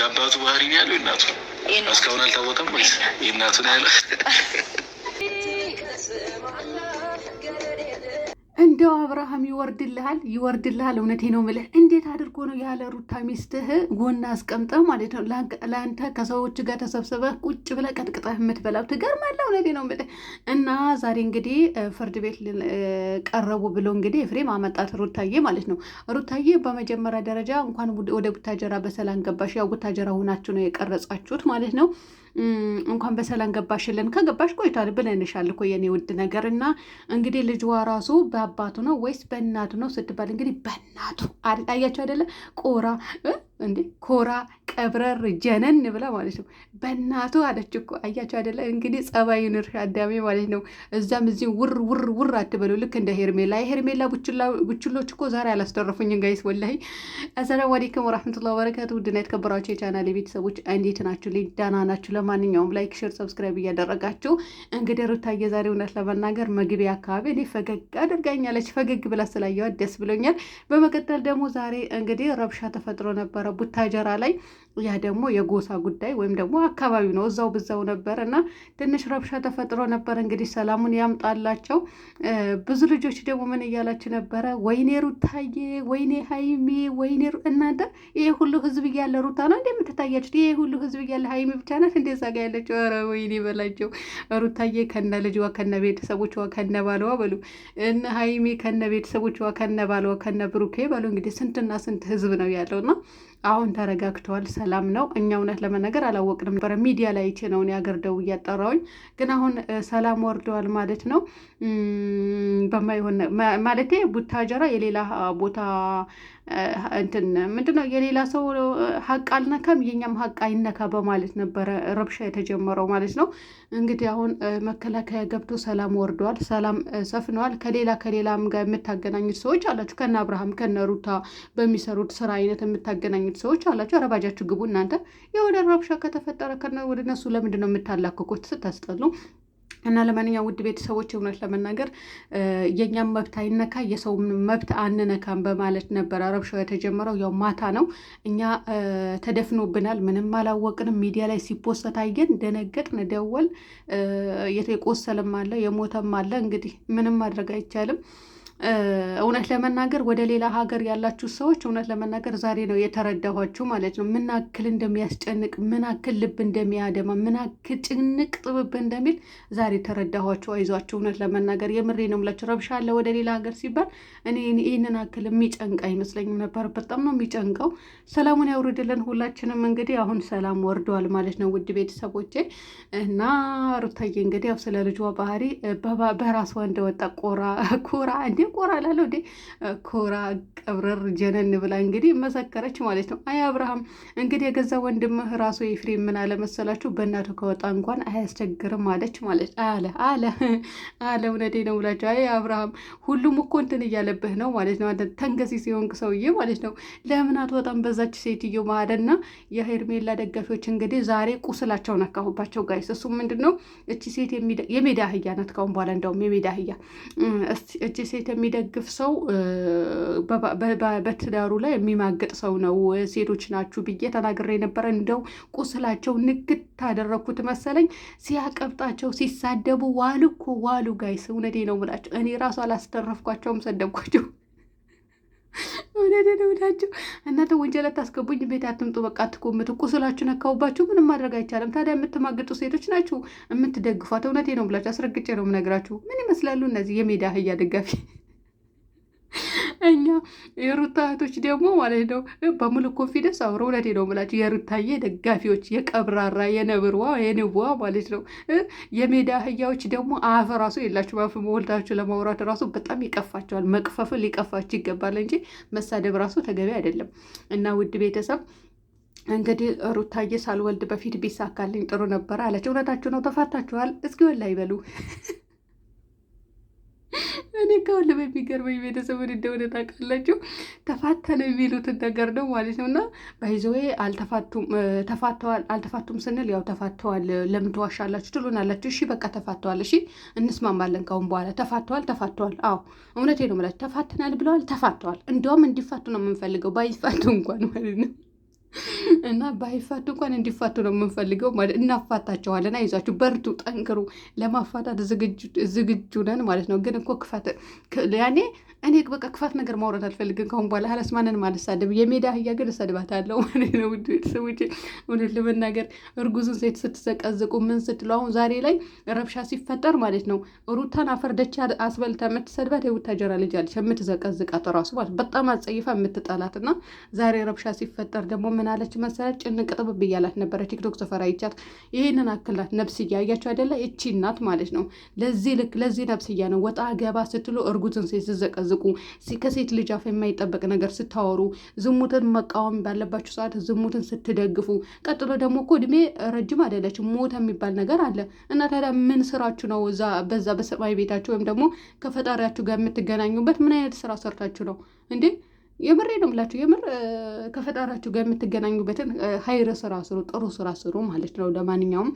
የአባቱ ባህሪ ነው ያለው። እናቱ እስካሁን አልታወቀም ወይስ የእናቱ ነው ያለው? እንደው አብርሃም ይወርድልሃል ይወርድልሃል። እውነቴ ነው ምልህ። እንዴት አድርጎ ነው ያለ ሩታ ሚስትህ ጎና አስቀምጠህ ማለት ነው ለአንተ ከሰዎች ጋር ተሰብስበህ ቁጭ ብለህ ቀጥቅጠህ የምትበላው ትገርማለህ። እውነቴ ነው ምልህ። እና ዛሬ እንግዲህ ፍርድ ቤት ቀረቡ ብሎ እንግዲህ ኤፍሬም አመጣት ሩታዬ ማለት ነው። ሩታዬ በመጀመሪያ ደረጃ እንኳን ወደ ቡታጀራ በሰላም ገባሽ። ያው ቡታጀራ ሆናችሁ ነው የቀረጻችሁት ማለት ነው። እንኳን በሰላም ገባሽልን። ከገባሽ ቆይቷል ብለንሻል እኮ የኔ ውድ ነገር እና እንግዲህ ልጅዋ ራሱ በአባቱ ነው ወይስ በእናቱ ነው ስትባል እንግዲህ በእናቱ አያቸው አይደለ? ቆራ እንዴ ኮራ ቀብረር ጀነን ብላ ማለት ነው። በእናቱ አለች እኮ አያቸው አይደለ? እንግዲህ ጸባዩን እርሻ አዳሜ ማለት ነው። እዛም እዚህ ውር ውር ውር አትበሉ። ልክ እንደ ሄርሜላ የሄርሜላ ቡችሎች እኮ ዛሬ አላስተረፉኝ ጋይስ ወላሂ። አሰላሙ አለይኩም ወራህመቱላ ወበረካቱ። ውድና የተከበራችሁ የቻናል ቤተሰቦች እንዴት ናችሁ? ልኝ ደህና ናችሁ? ለማንኛውም ላይክ፣ ሼር፣ ሰብስክራይብ እያደረጋችሁ እንግዲህ ሩታዬ ዛሬ እውነት ለመናገር መግቢያ አካባቢ እኔ ፈገግ አድርጋኛለች። ፈገግ ብላ ስላየዋት ደስ ብሎኛል። በመቀጠል ደግሞ ዛሬ እንግዲህ ረብሻ ተፈጥሮ ነበረ ቡታጀራ ላይ ያ ደግሞ የጎሳ ጉዳይ ወይም ደግሞ አካባቢው ነው። እዛው ብዛው ነበር እና ትንሽ ረብሻ ተፈጥሮ ነበር። እንግዲህ ሰላሙን ያምጣላቸው። ብዙ ልጆች ደግሞ ምን እያላችሁ ነበረ? ወይኔ ሩታዬ፣ ወይኔ ሀይሜ ወይኔ እናንተ ይሄ ሁሉ ህዝብ እያለ ሩታ ነው እንዴ የምትታያችሁት? ይሄ ሁሉ ህዝብ እያለ ሀይሜ ብቻ ናት እንዴ ዛጋ ያለችው? ኧረ ወይኔ በላቸው። ሩታዬ ከነ ልጅዋ ከነ ቤተሰቦችዋ ከነ ባለዋ በሉ እነ ሀይሜ ከነ ቤተሰቦችዋ ከነ ባለዋ ከነ ብሩኬ በሉ እንግዲህ ስንትና ስንት ህዝብ ነው ያለው ና? አሁን ተረጋግተዋል፣ ሰላም ነው። እኛ እውነት ለመነገር አላወቅንም ነበረ። ሚዲያ ላይ ይቼ ነውን ያገር ደው እያጠራውኝ ግን አሁን ሰላም ወርደዋል ማለት ነው። በማይሆን ማለቴ ቡታጀራ የሌላ ቦታ እንትን ምንድን ነው የሌላ ሰው ሀቅ አልነካም የኛም ሀቅ አይነካ በማለት ነበረ ረብሻ የተጀመረው ማለት ነው። እንግዲህ አሁን መከላከያ ገብቶ ሰላም ወርደዋል፣ ሰላም ሰፍነዋል። ከሌላ ከሌላም ጋር የምታገናኙት ሰዎች አላችሁ፣ ከነ አብርሃም ከነ ሩታ በሚሰሩት ስራ አይነት የምታገናኙት ሰዎች አላችሁ። አረባጃችሁ ግቡ እናንተ። የሆነ ረብሻ ከተፈጠረ ከነ ወደ እነሱ ለምንድን ነው የምታላክቁት? ስታስጠሉ እና ለማንኛውም ውድ ቤተሰቦች እውነት ለመናገር የእኛም መብት አይነካ የሰው መብት አንነካም በማለት ነበረ ረብሻው የተጀመረው። ያው ማታ ነው፣ እኛ ተደፍኖብናል፣ ምንም አላወቅንም። ሚዲያ ላይ ሲፖሰት አየን፣ ደነገጥን፣ ደወል። የቆሰለም አለ የሞተም አለ። እንግዲህ ምንም ማድረግ አይቻልም። እውነት ለመናገር ወደ ሌላ ሀገር ያላችሁ ሰዎች እውነት ለመናገር ዛሬ ነው የተረዳኋችሁ ማለት ነው። ምን አክል እንደሚያስጨንቅ፣ ምን አክል ልብ እንደሚያደማ፣ ምን አክል ጭንቅ ጥብብ እንደሚል ዛሬ ተረዳኋችሁ። አይዟችሁ። እውነት ለመናገር የምሬ ነው የምላችሁ። ረብሻ አለ ወደ ሌላ ሀገር ሲባል እኔ ይህንን አክል የሚጨንቅ አይመስለኝም ነበር። በጣም ነው የሚጨንቀው። ሰላሙን ያውርድልን ሁላችንም። እንግዲህ አሁን ሰላም ወርዷል ማለት ነው ውድ ቤተሰቦቼ እና ሩታዬ እንግዲህ ያው ስለ ልጇ ባህሪ በራሷ እንደወጣ ቆራ ኩራ እንዲሁ ኮራ ላለው እንዴ ኮራ ቀብረር ጀነን ብላ እንግዲህ መሰከረች ማለት ነው። አይ አብርሃም እንግዲህ የገዛ ወንድምህ ራሱ ኤፍሬም ምን አለ መሰላችሁ በእናቱ ከወጣ እንኳን አያስቸግርም አለች ማለት አለ አለ አለ እውነቴ ነው ብላችሁ አይ አብርሃም ሁሉም እኮ እንትን እያለብህ ነው ማለት ነው። አንተ ተንገሲ ሲሆንክ ሰውዬ ማለት ነው። ለምን አትወጣም በዛች ሴትዮ ማደና የሄርሜላ ደጋፊዎች እንግዲህ ዛሬ ቁስላቸውን አካሁባቸው ጋይስ። እሱ ምንድን ነው እቺ ሴት የሜዳ አህያ ናት። ካሁን በኋላ እንደውም የሜዳ አህያ እቺ ሴት የሚደግፍ ሰው በትዳሩ ላይ የሚማግጥ ሰው ነው። ሴቶች ናችሁ ብዬ ተናግሬ ነበረ። እንደው ቁስላቸው ንግድ ታደረግኩት መሰለኝ። ሲያቀብጣቸው ሲሳደቡ ዋሉ እኮ ዋሉ። ጋይስ እውነቴ ነው ብላቸው እኔ ራሱ አላስደረፍኳቸውም ሰደብኳቸው። እውነቴ ነው ብላቸው እናንተ ወንጀል አታስገቡኝ፣ ቤት አትምጡ፣ በቃ አትቆምቱ። ቁስላችሁ ነካውባችሁ፣ ምንም ማድረግ አይቻልም። ታዲያ የምትማግጡ ሴቶች ናችሁ የምትደግፏት። እውነቴ ነው ብላችሁ አስረግጬ ነው የምነግራችሁ። ምን ይመስላሉ እነዚህ የሜዳ አህያ ደጋፊ እኛ የሩታ እህቶች ደግሞ ማለት ነው በሙሉ ኮንፊደንስ አብረ እውነቴ ነው የምላቸው የሩታዬ ደጋፊዎች የቀብራራ የነብርዋ የንብዋ ማለት ነው። የሜዳ አህያዎች ደግሞ አፍ ራሱ የላችሁ አፍ መወልታችሁ ለማውራት ራሱ በጣም ይቀፋቸዋል። መቅፈፍ ሊቀፋችሁ ይገባል እንጂ መሳደብ ራሱ ተገቢ አይደለም። እና ውድ ቤተሰብ እንግዲህ ሩታዬ ሳልወልድ በፊት ቢሳካልኝ ጥሩ ነበረ አለች። እውነታችሁ ነው። ተፋታችኋል። እስኪ ወላሂ በሉ እኔ ከሁሉ በሚገርመኝ ቤተሰቡን እንደሆነ ታውቃላችሁ፣ ተፋተነ የሚሉትን ነገር ነው ማለት ነው። እና ባይዘዌ ተፋተዋል አልተፋቱም ስንል ያው ተፋተዋል ለምን ትዋሻላችሁ ትሉናላችሁ። እሺ በቃ ተፋተዋል፣ እሺ እንስማማለን። ካሁን በኋላ ተፋተዋል፣ ተፋተዋል። አዎ እውነቴ ነው የምላችሁ። ተፋተናል ብለዋል፣ ተፋተዋል። እንደውም እንዲፋቱ ነው የምንፈልገው፣ ባይፋቱ እንኳን ማለት ነው። እና ባይፋቱ እንኳን እንዲፋቱ ነው የምንፈልገው። ማለት እናፋታቸዋለን። አይዟችሁ፣ በርቱ፣ ጠንክሩ። ለማፋታት ዝግጁ ነን ማለት ነው። ግን እኮ ክፋት ያኔ እኔ በቃ ክፋት ነገር ማውረድ አልፈልግም ከአሁን በኋላ ሀላስ ማንንም አልሳደብ። የሜዳ አህያ ግን እሰድባታለሁ ማለት ነው። ውድ ቤተሰቦች እውነት ለመናገር እርጉዝን ሴት ስትዘቀዝቁ ምን ስትለው አሁን ዛሬ ላይ ረብሻ ሲፈጠር ማለት ነው ሩታን አፈርደቻ አስበልታ የምትሰድባት የቡታጀራ ልጅ አለች የምትዘቀዝቃት ራሱ ማለት በጣም አጸይፋ የምትጠላት እና ዛሬ ረብሻ ሲፈጠር ደግሞ ምን አለች መሰለህ? ጭንቅ ጥብብ እያላት ነበረ ቲክቶክ ሰፈር አይቻት። ይህንን አክላት ነብስያ እያቸው አይደለ? እቺ እናት ማለት ነው። ለዚህ ልክ ለዚህ ነብስያ ነው ወጣ ገባ ስትሉ፣ እርጉዝን ሴት ስዘቀዝቁ፣ ከሴት ልጅ አፍ የማይጠበቅ ነገር ስታወሩ፣ ዝሙትን መቃወም ባለባችሁ ሰዓት ዝሙትን ስትደግፉ፣ ቀጥሎ ደግሞ እኮ እድሜ ረጅም አይደለች ሞት የሚባል ነገር አለ እና ታዲያ ምን ስራችሁ ነው? በዛ በሰማይ ቤታችሁ ወይም ደግሞ ከፈጣሪያችሁ ጋር የምትገናኙበት ምን አይነት ስራ ሰርታችሁ ነው እንዴ? የምሬ ነው የምላችሁ። የምር ከፈጣራችሁ ጋር የምትገናኙበትን ሀይረ ስራ ስሩ፣ ጥሩ ስራ ስሩ ማለት ነው። ለማንኛውም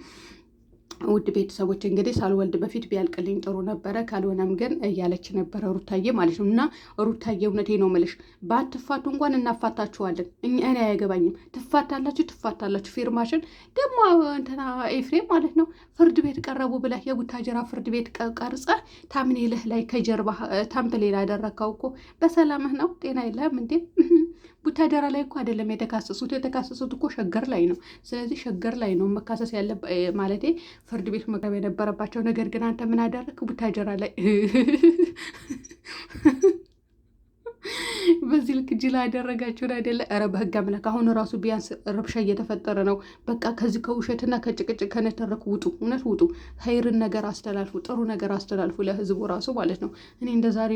ውድ ቤተሰቦች እንግዲህ ሳልወልድ በፊት ቢያልቅልኝ ጥሩ ነበረ፣ ካልሆነም ግን እያለች ነበረ ሩታዬ ማለት ነው። እና ሩታዬ እውነቴ ነው ምልሽ፣ ባትፋቱ እንኳን እናፋታችኋለን። እኔ አያገባኝም። ትፋታላችሁ፣ ትፋታላችሁ። ፊርማሽን ደግሞ እንትና ኤፍሬም ማለት ነው ፍርድ ቤት ቀረቡ ብለህ የቡታጀራ ፍርድ ቤት ቀርጸ ታምኔልህ ላይ ከጀርባ ታምፕሌል ያደረግከው እኮ በሰላምህ ነው። ጤና የለህም እንዴ? ቡታደራ ላይ እኮ አይደለም የተካሰሱት። የተካሰሱት እኮ ሸገር ላይ ነው። ስለዚህ ሸገር ላይ ነው መካሰስ ያለ ማለት ፍርድ ቤት መቅረብ የነበረባቸው። ነገር ግን አንተ ምን አደረክ? ቡታጀራ ላይ በዚህ ልክ ጅላ ያደረጋችሁን አይደለ? ኧረ በህግ አምላክ አሁን ራሱ ቢያንስ ረብሻ እየተፈጠረ ነው። በቃ ከዚህ ከውሸትና ከጭቅጭቅ ከነተረክ ውጡ፣ እውነት ውጡ። ሀይርን ነገር አስተላልፉ፣ ጥሩ ነገር አስተላልፉ ለህዝቡ ራሱ ማለት ነው። እኔ እንደ ዛሬ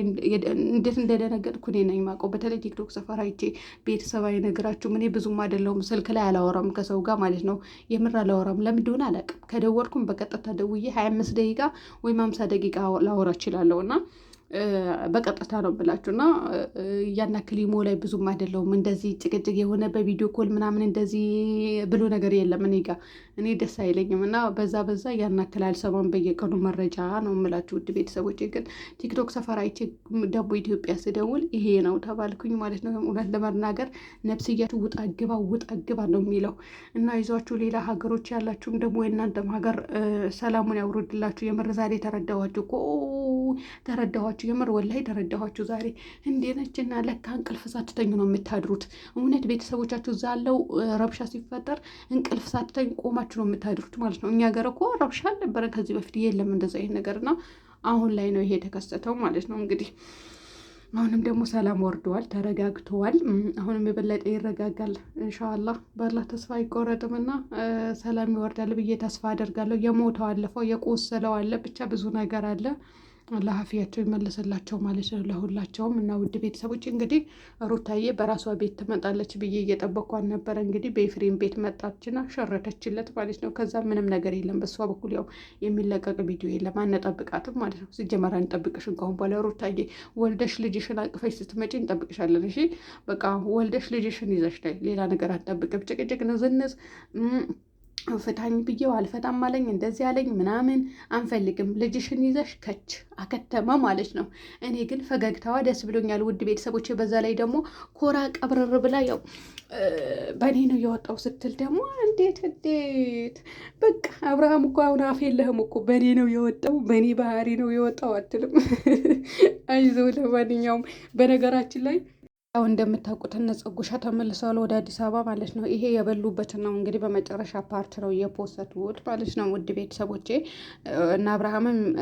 እንዴት እንደደነገጥኩ እኔ ነኝ የማውቀው። በተለይ ቲክቶክ ሰፈር አይቼ ቤተሰብ አይነግራችሁም። እኔ ብዙም አይደለሁም ስልክ ላይ አላወራም ከሰው ጋር ማለት ነው። የምር አላወራም። ለምን እንደሆነ አላውቅም። ከደወልኩም በቀጥታ ደውዬ ሀያ አምስት ደቂቃ ወይም አምሳ ደቂቃ ላወራ እችላለሁ እና በቀጥታ ነው ብላችሁ እና እያናክል ሞ ላይ ብዙም አይደለውም። እንደዚህ ጭቅጭቅ የሆነ በቪዲዮ ኮል ምናምን እንደዚህ ብሎ ነገር የለም። እኔ ጋ እኔ ደስ አይለኝም እና በዛ በዛ እያናክል አልሰማም። በየቀኑ መረጃ ነው ምላችሁ ውድ ቤተሰቦች። ግን ቲክቶክ ሰፈር አይቼ ደቡ ኢትዮጵያ ስደውል ይሄ ነው ተባልኩኝ ማለት ነው። እውነት ለመናገር ነፍስያችሁ ውጣ ግባ ውጣ ግባ ነው የሚለው እና ይዟችሁ ሌላ ሀገሮች ያላችሁም ደግሞ የእናንተም ሀገር ሰላሙን ያውርድላችሁ። የምር ዛሬ ተረዳኋችሁ ተረዳኋችሁ። ተረዳኋችሁ። የምር ወላይ ተረዳኋችሁ ዛሬ። እንዴ እንዴነችና ለካ እንቅልፍ ሳትተኙ ነው የምታድሩት። እውነት ቤተሰቦቻችሁ እዛለው ረብሻ ሲፈጠር እንቅልፍ ሳትተኝ ቆማችሁ ነው የምታድሩት ማለት ነው። እኛ ገር እኮ ረብሻ አልነበረ ከዚህ በፊት የለም እንደዚ ነገር ነገርና አሁን ላይ ነው ይሄ የተከሰተው ማለት ነው እንግዲህ አሁንም ደግሞ ሰላም ወርደዋል፣ ተረጋግተዋል። አሁንም የበለጠ ይረጋጋል እንሻላ ባላ ተስፋ አይቆረጥምና ሰላም ይወርዳል ብዬ ተስፋ አደርጋለሁ። የሞተው አለፈው፣ የቆሰለው አለ፣ ብቻ ብዙ ነገር አለ። ለሀፊያቸው ይመለስላቸው ማለት ነው ለሁላቸውም። እና ውድ ቤተሰቦች እንግዲህ ሩታዬ በራሷ ቤት ትመጣለች ብዬ እየጠበኳን ነበረ። እንግዲህ በኤፍሬም ቤት መጣችና ሸረተችለት ማለት ነው። ከዛ ምንም ነገር የለም በሷ በኩል ያው የሚለቀቅ ቪዲዮ የለም። አንጠብቃትም ማለት ነው። ስጀመር አንጠብቅሽ እንኳን በኋላ ሩታዬ ወልደሽ ልጅሽን አቅፈሽ ስትመጪ እንጠብቅሻለን። እሺ በቃ ወልደሽ ልጅሽን ይዘሽ ላይ ሌላ ነገር አንጠብቅም። ጭቅጭቅ፣ ንዝንዝ ፍታኝ ብዬው አልፈታም አለኝ። እንደዚህ አለኝ ምናምን አንፈልግም፣ ልጅሽን ይዘሽ ከች አከተመ ማለት ነው። እኔ ግን ፈገግታዋ ደስ ብሎኛል፣ ውድ ቤተሰቦች። በዛ ላይ ደግሞ ኮራ ቀብረር ብላ ያው በእኔ ነው የወጣው ስትል ደግሞ እንዴት እንዴት በቃ አብርሃም እኮ አሁን አፍ የለህም እኮ በእኔ ነው የወጣው በእኔ ባህሪ ነው የወጣው አትልም። አይዞ ለማንኛውም በነገራችን ላይ ያው እንደምታውቁት እነ ፀጉሻ ተመልሰዋል ወደ አዲስ አበባ ማለት ነው። ይሄ የበሉበትን ነው እንግዲህ በመጨረሻ ፓርት ነው የፖሰቱት ማለት ነው። ውድ ቤተሰቦቼ እና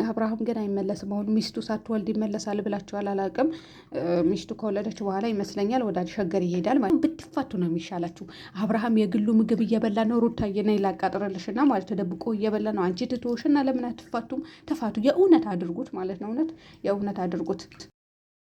አብርሃም ግን አይመለስም። አሁን ሚስቱ ሳትወልድ ይመለሳል ብላችኋል አላውቅም። ሚስቱ ከወለደች በኋላ ይመስለኛል ወደ ሸገር ይሄዳል ማለት ብትፋቱ ነው የሚሻላችሁ። አብርሃም የግሉ ምግብ እየበላ ነው። ሩታዬ ነይ ላቃጥርልሽና ማለት ተደብቆ እየበላ ነው። አንቺ ትትውሽና ለምን አትፋቱም? ተፋቱ። የእውነት አድርጉት ማለት ነው። እውነት የእውነት አድርጉት።